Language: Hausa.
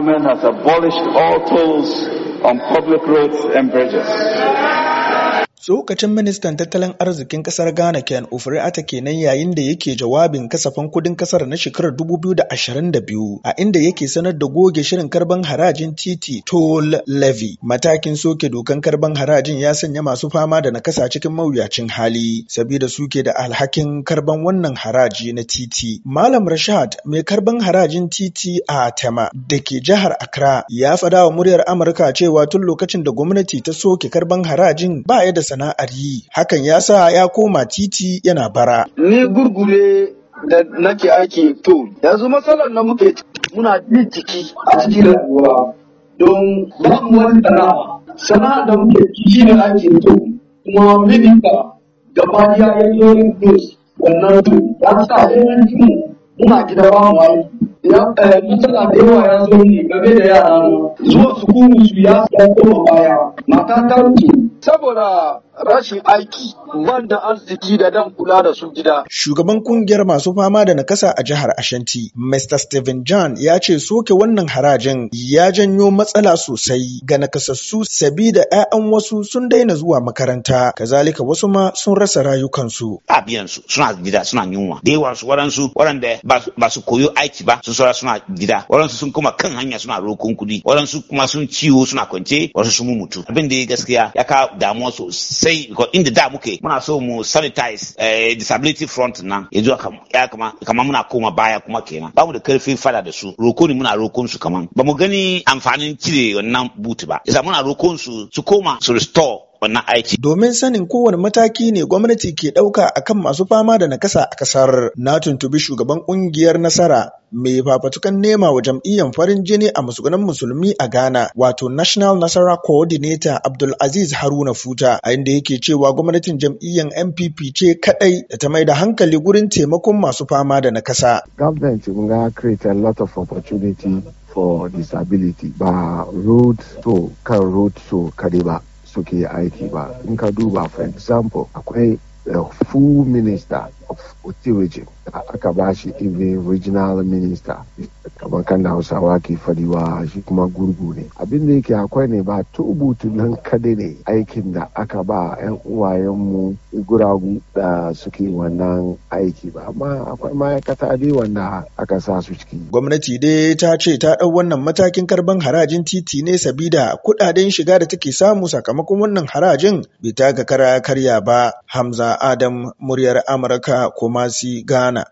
government has abolished all tolls on public roads and bridges. Lokacin ministan tattalin arzikin kasar Ghana Ken ofori Ata kenan yayin da yake jawabin kasafin kudin kasar na shekarar 2022 a inda yake sanar da goge shirin karban harajin titi toll levy. Matakin soke dokan karban harajin ya sanya masu fama da nakasa cikin mawuyacin hali sabida suke da alhakin karban wannan haraji na titi. Malam Rashad mai karban harajin titi a Tema da ke jihar Accra ya fada wa muryar Amurka cewa tun lokacin da gwamnati ta soke karban harajin ba ya da sana'ar yi hakan ya sa ya koma titi yana bara ni gurgure da nake aiki to yanzu matsalar na muke muna jin ciki a cikin rayuwa don ba wani sana'a sana'a da muke shi ne ake to kuma mijinta gaba ya yi wannan to ya sa yanzu muna gida ba mu Eh, matsala da yawa ya zo ne game da yara na zuwa sukuru su ya san koma baya mata ta wuce saboda rashin aiki wanda arziki da dan kula da su gida. Shugaban kungiyar masu fama da nakasa a jihar Ashanti, Mr. Steven John ya ce soke wannan harajin ya janyo matsala sosai ga nakasassu sabida 'ya'yan wasu sun daina zuwa makaranta, kazalika wasu ma sun rasa rayukansu. A biyan su suna gida suna yunwa, da yawa su waɗansu waɗanda ba su koyo aiki ba su saura suna gida waɗansu sun kuma kan hanya suna rokon kuɗi waɗansu kuma sun ciwo suna kwance wasu sun mutu abin da ya gaskiya ya ka damuwa sosai inda da muke muna so mu sanitize eh, disability front nan ya zuwa ya kama kama muna koma baya kuma kenan bamu da karfin fada da su roko ne muna rokon su kaman ba mu gani amfanin cire wannan butu ba yasa muna rokon su su koma su restore wannan aiki. Domin sanin kowane mataki ne gwamnati ke ɗauka akan masu fama da nakasa a ƙasar. na tuntubi shugaban ƙungiyar nasara mai fafatukan nema wa jam'iyyar farin jini a musulunan musulmi a Ghana wato National Nasara Coordinator Abdul Aziz Haruna Futa a inda yake cewa gwamnatin jam'iyyar NPP ce kadai da ta mai da hankali gurin taimakon masu fama da nakasa. Government ga create a lot of opportunity for disability ba road to kan road to kare ba suke aiki ba in ka duba for example akwai uh, full minister of Uti region aka ba shi ibe regional minister kamar kan da hausawa ke fadiwa shi kuma gurgu ne abin da yake akwai ne ba tubutu nan kadai ne aikin da aka ba 'yan uwayenmu guragu da suke wannan aiki ba amma akwai ma'aikata dai wanda aka sa su ciki gwamnati dai ta ce ta ɗau wannan matakin karban harajin titi ne sabida kuɗaɗen shiga da take samu sakamakon wannan harajin bai ta taka kara karya ba hamza adam muryar amurka a Kumasi, Ghana.